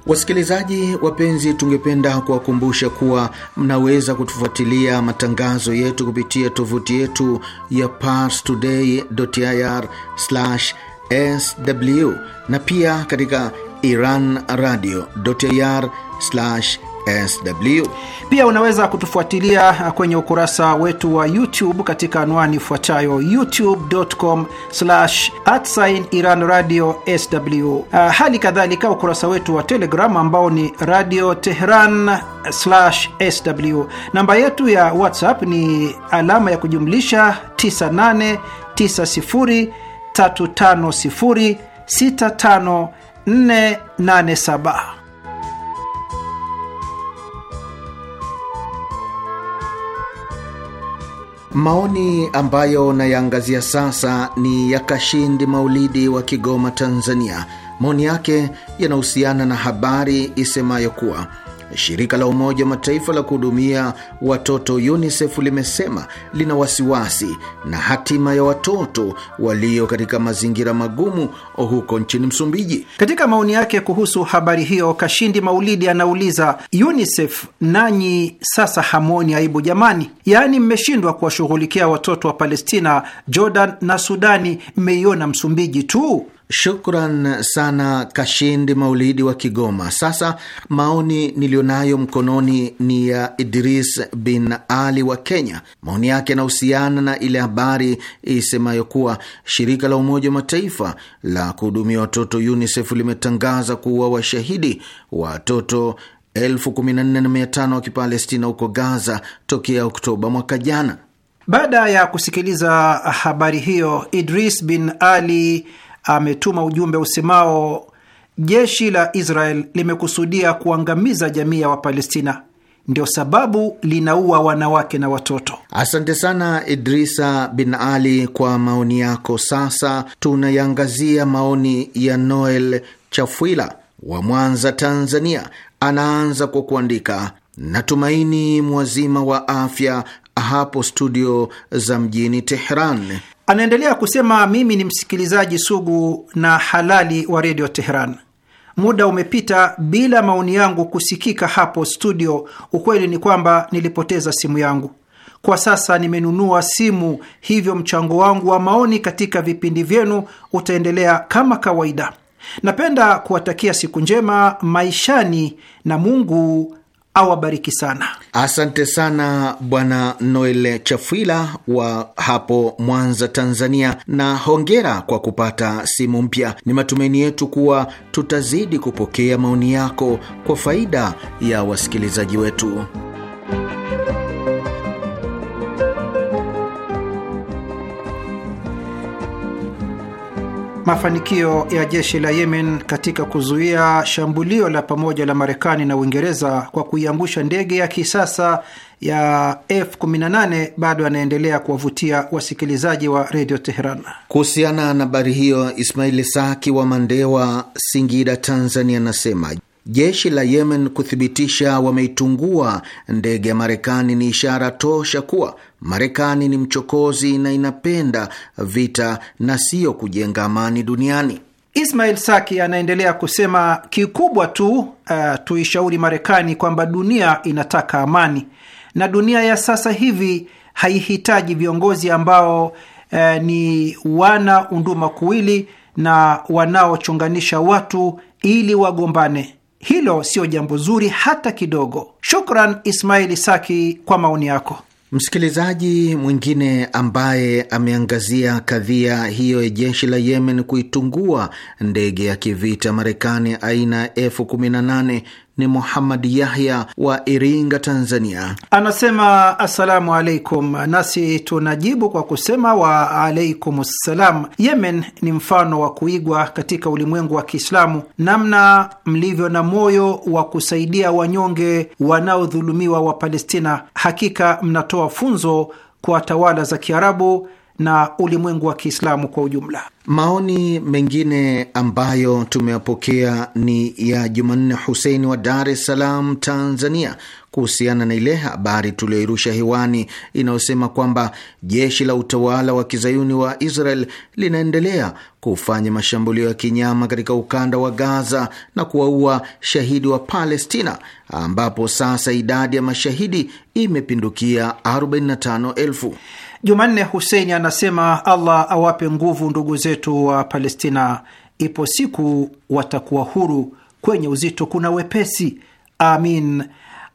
Wasikilizaji wapenzi, tungependa kuwakumbusha kuwa mnaweza kutufuatilia matangazo yetu kupitia tovuti yetu ya parstoday.ir/sw na pia katika Iran Radio sw. Pia unaweza kutufuatilia kwenye ukurasa wetu wa YouTube katika anwani ifuatayo youtube.com Iran Radio sw. Uh, ah, hali kadhalika ukurasa wetu wa Telegram ambao ni Radio Tehran sw. Namba yetu ya WhatsApp ni alama ya kujumlisha 9890350654 487. Maoni ambayo nayaangazia sasa ni ya Kashindi Maulidi wa Kigoma, Tanzania. Maoni yake yanahusiana na habari isemayo kuwa Shirika la Umoja wa Mataifa la kuhudumia watoto UNICEF limesema lina wasiwasi na hatima ya watoto walio katika mazingira magumu huko nchini Msumbiji. Katika maoni yake kuhusu habari hiyo, Kashindi Maulidi anauliza, UNICEF nanyi sasa hamwoni aibu jamani? Yaani mmeshindwa kuwashughulikia watoto wa Palestina, Jordan na Sudani, mmeiona Msumbiji tu? Shukran sana Kashindi Maulidi wa Kigoma. Sasa maoni niliyonayo mkononi ni ya Idris bin Ali wa Kenya. Maoni yake yanahusiana na ile habari isemayo kuwa shirika la Umoja wa Mataifa la kuhudumia watoto UNICEF limetangaza kuwa washahidi watoto elfu kumi na nne na mia tano wa Kipalestina huko Gaza tokea Oktoba mwaka jana. Baada ya kusikiliza habari hiyo, Idris bin Ali ametuma ujumbe usemao jeshi la Israel limekusudia kuangamiza jamii ya Wapalestina, ndio sababu linaua wanawake na watoto. Asante sana Idrisa bin Ali kwa maoni yako. Sasa tunayangazia maoni ya Noel Chafwila wa Mwanza, Tanzania. Anaanza kwa kuandika, natumaini mwazima wa afya hapo studio za mjini Tehran. Anaendelea kusema, mimi ni msikilizaji sugu na halali wa redio Teheran. Muda umepita bila maoni yangu kusikika hapo studio. Ukweli ni kwamba nilipoteza simu yangu. Kwa sasa nimenunua simu, hivyo mchango wangu wa maoni katika vipindi vyenu utaendelea kama kawaida. Napenda kuwatakia siku njema maishani na Mungu awabariki sana. Asante sana Bwana Noel Chafuila wa hapo Mwanza, Tanzania, na hongera kwa kupata simu mpya. Ni matumaini yetu kuwa tutazidi kupokea maoni yako kwa faida ya wasikilizaji wetu. Mafanikio ya jeshi la Yemen katika kuzuia shambulio la pamoja la Marekani na Uingereza kwa kuiangusha ndege ya kisasa ya F18 bado yanaendelea kuwavutia wasikilizaji wa redio Teheran. Kuhusiana na habari hiyo, Ismaili Saki wa Mandewa, Singida, Tanzania, anasema Jeshi la Yemen kuthibitisha wameitungua ndege ya Marekani ni ishara tosha kuwa Marekani ni mchokozi na inapenda vita na siyo kujenga amani duniani. Ismail Saki anaendelea kusema, kikubwa tu uh, tuishauri Marekani kwamba dunia inataka amani na dunia ya sasa hivi haihitaji viongozi ambao uh, ni wana unduma kuwili na wanaochunganisha watu ili wagombane. Hilo siyo jambo zuri hata kidogo. Shukran Ismaili Saki kwa maoni yako. Msikilizaji mwingine ambaye ameangazia kadhia hiyo ya jeshi la Yemen kuitungua ndege ya kivita Marekani aina F-18 ni Muhammad Yahya wa Iringa, Tanzania, anasema assalamu alaikum. Nasi tunajibu kwa kusema wa alaikum ssalam. Yemen ni mfano wa kuigwa katika ulimwengu wa Kiislamu, namna mlivyo na moyo wa kusaidia wanyonge wanaodhulumiwa wa Palestina. Hakika mnatoa funzo kwa tawala za Kiarabu na ulimwengu wa Kiislamu kwa ujumla. Maoni mengine ambayo tumeyapokea ni ya Jumanne Huseini wa Dar es Salaam, Tanzania, kuhusiana na ile habari tuliyoirusha hewani inayosema kwamba jeshi la utawala wa kizayuni wa Israel linaendelea kufanya mashambulio ya kinyama katika ukanda wa Gaza na kuwaua shahidi wa Palestina, ambapo sasa idadi ya mashahidi imepindukia elfu Jumanne Huseini anasema Allah awape nguvu ndugu zetu wa Palestina, ipo siku watakuwa huru, kwenye uzito kuna wepesi. Amin.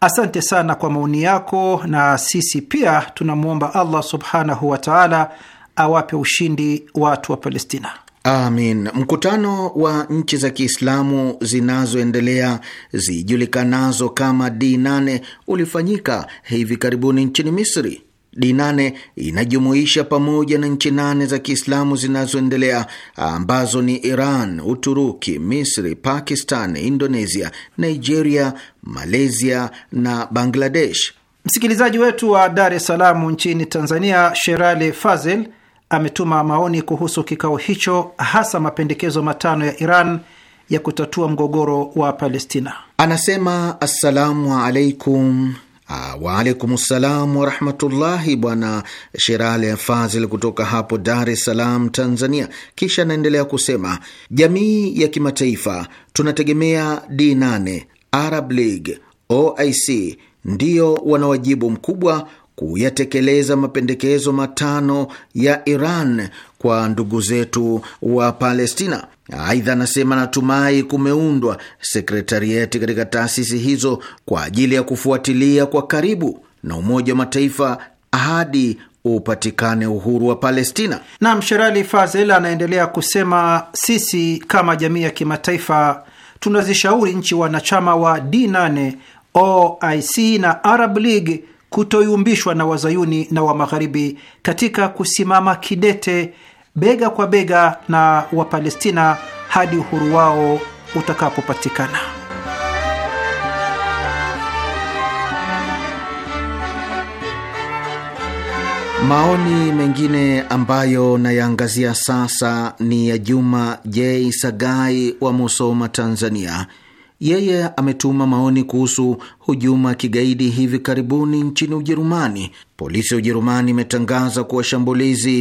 Asante sana kwa maoni yako, na sisi pia tunamwomba Allah subhanahu wa taala awape ushindi watu wa Palestina. Amin. Mkutano wa nchi za Kiislamu zinazoendelea zijulikanazo kama D8 ulifanyika hivi karibuni nchini Misri. D8 inajumuisha pamoja na nchi nane za Kiislamu zinazoendelea ambazo ni Iran, Uturuki, Misri, Pakistan, Indonesia, Nigeria, Malaysia na Bangladesh. Msikilizaji wetu wa Dar es Salaam nchini Tanzania, Sherali fazel ametuma maoni kuhusu kikao hicho, hasa mapendekezo matano ya Iran ya kutatua mgogoro wa Palestina. Anasema, assalamu alaikum Ah, Waalaikum salam warahmatullahi. Bwana Sherale Fazil kutoka hapo Dar es Salaam, Tanzania. Kisha anaendelea kusema, jamii ya kimataifa tunategemea D8, Arab League, OIC ndiyo wana wajibu mkubwa kuyatekeleza mapendekezo matano ya Iran kwa ndugu zetu wa Palestina. Aidha, anasema natumai kumeundwa sekretarieti katika taasisi hizo kwa ajili ya kufuatilia kwa karibu na Umoja wa Mataifa hadi upatikane uhuru wa Palestina. Nam Sherali Fazel anaendelea kusema, sisi kama jamii ya kimataifa tunazishauri nchi wanachama wa D8 OIC na Arab League kutoyumbishwa na wazayuni na wa magharibi katika kusimama kidete bega kwa bega na Wapalestina hadi uhuru wao utakapopatikana. Maoni mengine ambayo nayaangazia sasa ni ya Juma J Sagai wa Musoma, Tanzania. Yeye ametuma maoni kuhusu hujuma kigaidi hivi karibuni nchini Ujerumani. Polisi ya Ujerumani imetangaza kuwa shambulizi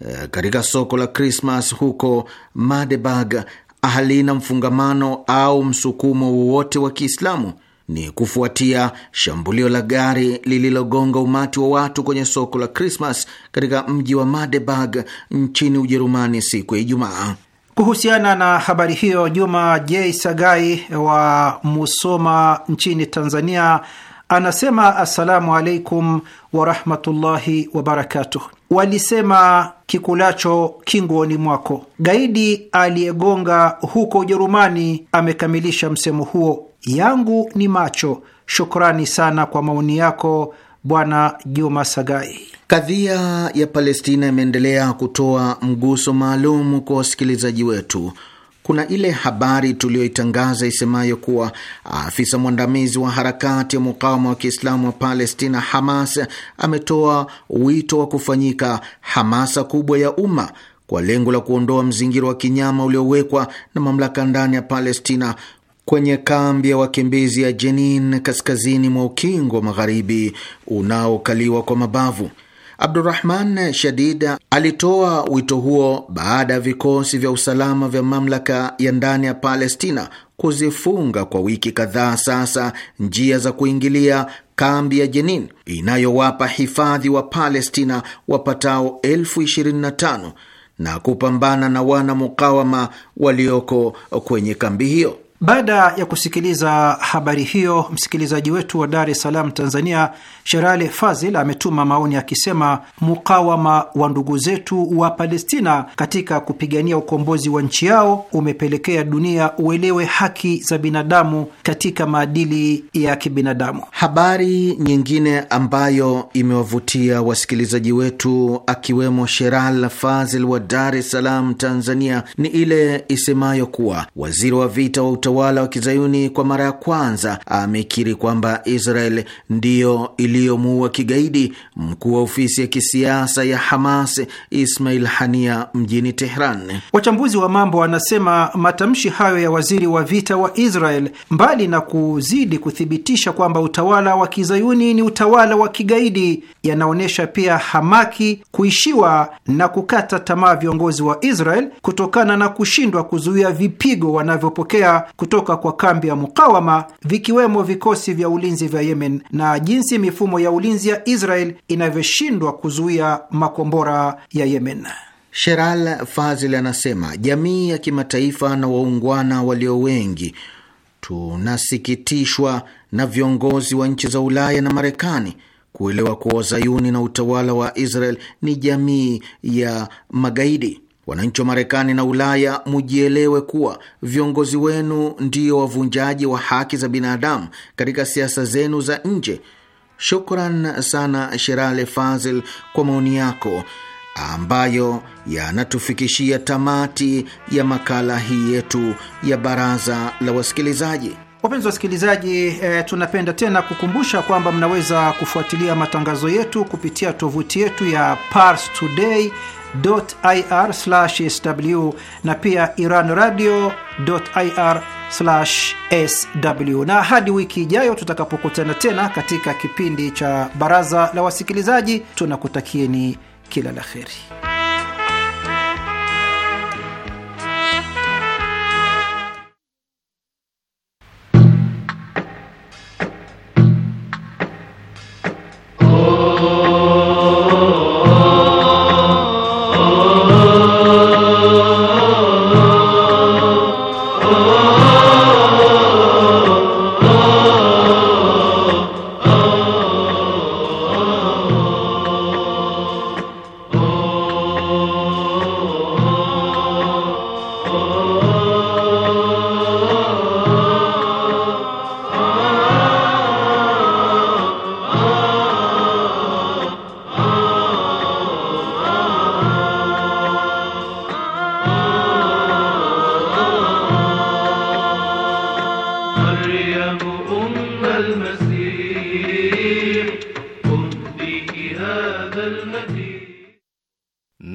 e, katika soko la Krismas huko madebag halina mfungamano au msukumo wowote wa Kiislamu. Ni kufuatia shambulio la gari lililogonga umati wa watu kwenye soko la Krismas katika mji wa madebag nchini Ujerumani siku ya Ijumaa. Kuhusiana na habari hiyo, Juma J Sagai wa Musoma nchini Tanzania anasema assalamu alaikum warahmatullahi wabarakatuh. Walisema kikulacho kinguoni mwako. Gaidi aliyegonga huko Ujerumani amekamilisha msemo huo. Yangu ni macho. Shukrani sana kwa maoni yako Bwana Juma Sagai. Kadhia ya Palestina imeendelea kutoa mguso maalum kwa wasikilizaji wetu. Kuna ile habari tuliyoitangaza isemayo kuwa afisa mwandamizi wa harakati ya mukawama wa Kiislamu wa Palestina, Hamas, ametoa wito wa kufanyika hamasa kubwa ya umma kwa lengo la kuondoa mzingiro wa kinyama uliowekwa na mamlaka ndani ya Palestina kwenye kambi ya wakimbizi ya Jenin kaskazini mwa ukingo wa magharibi unaokaliwa kwa mabavu. Abdurahman Shadida alitoa wito huo baada ya vikosi vya usalama vya mamlaka ya ndani ya Palestina kuzifunga kwa wiki kadhaa sasa njia za kuingilia kambi ya Jenin inayowapa hifadhi wa Palestina wapatao elfu ishirini na tano na kupambana na wana mukawama walioko kwenye kambi hiyo. Baada ya kusikiliza habari hiyo, msikilizaji wetu wa Dar es Salaam, Tanzania, Sherale Fazil ametuma maoni akisema, mukawama wa ndugu zetu wa Palestina katika kupigania ukombozi wa nchi yao umepelekea dunia uelewe haki za binadamu katika maadili ya kibinadamu. Habari nyingine ambayo imewavutia wasikilizaji wetu akiwemo Sheral Fazil wa Dar es Salaam, Tanzania, ni ile isemayo kuwa waziri wa vita wa utawala wa kizayuni kwa mara ya kwanza amekiri kwamba Israel ndiyo iliyomuua kigaidi mkuu wa ofisi ya kisiasa ya Hamas Ismail Hania mjini Tehran. Wachambuzi wa mambo wanasema matamshi hayo ya waziri wa vita wa Israel, mbali na kuzidi kuthibitisha kwamba utawala wa kizayuni ni utawala wa kigaidi, yanaonyesha pia hamaki, kuishiwa na kukata tamaa viongozi wa Israel kutokana na kushindwa kuzuia vipigo wanavyopokea kutoka kwa kambi ya mukawama, vikiwemo vikosi vya ulinzi vya Yemen na jinsi mifumo ya ulinzi ya Israel inavyoshindwa kuzuia makombora ya Yemen. Sheral Fazil anasema jamii ya kimataifa na waungwana walio wengi tunasikitishwa na viongozi wa nchi za Ulaya na Marekani kuelewa kuwa Zayuni na utawala wa Israel ni jamii ya magaidi. Wananchi wa Marekani na Ulaya, mujielewe kuwa viongozi wenu ndio wavunjaji wa haki za binadamu katika siasa zenu za nje. Shukran sana Sherale Fazil kwa maoni yako ambayo yanatufikishia tamati ya makala hii yetu ya baraza la wasikilizaji. Wapenzi wasikilizaji, e, tunapenda tena kukumbusha kwamba mnaweza kufuatilia matangazo yetu kupitia tovuti yetu ya Pars Today ir na pia Iran radio ir sw. Na hadi wiki ijayo tutakapokutana tena katika kipindi cha Baraza la Wasikilizaji, tunakutakieni kila la heri.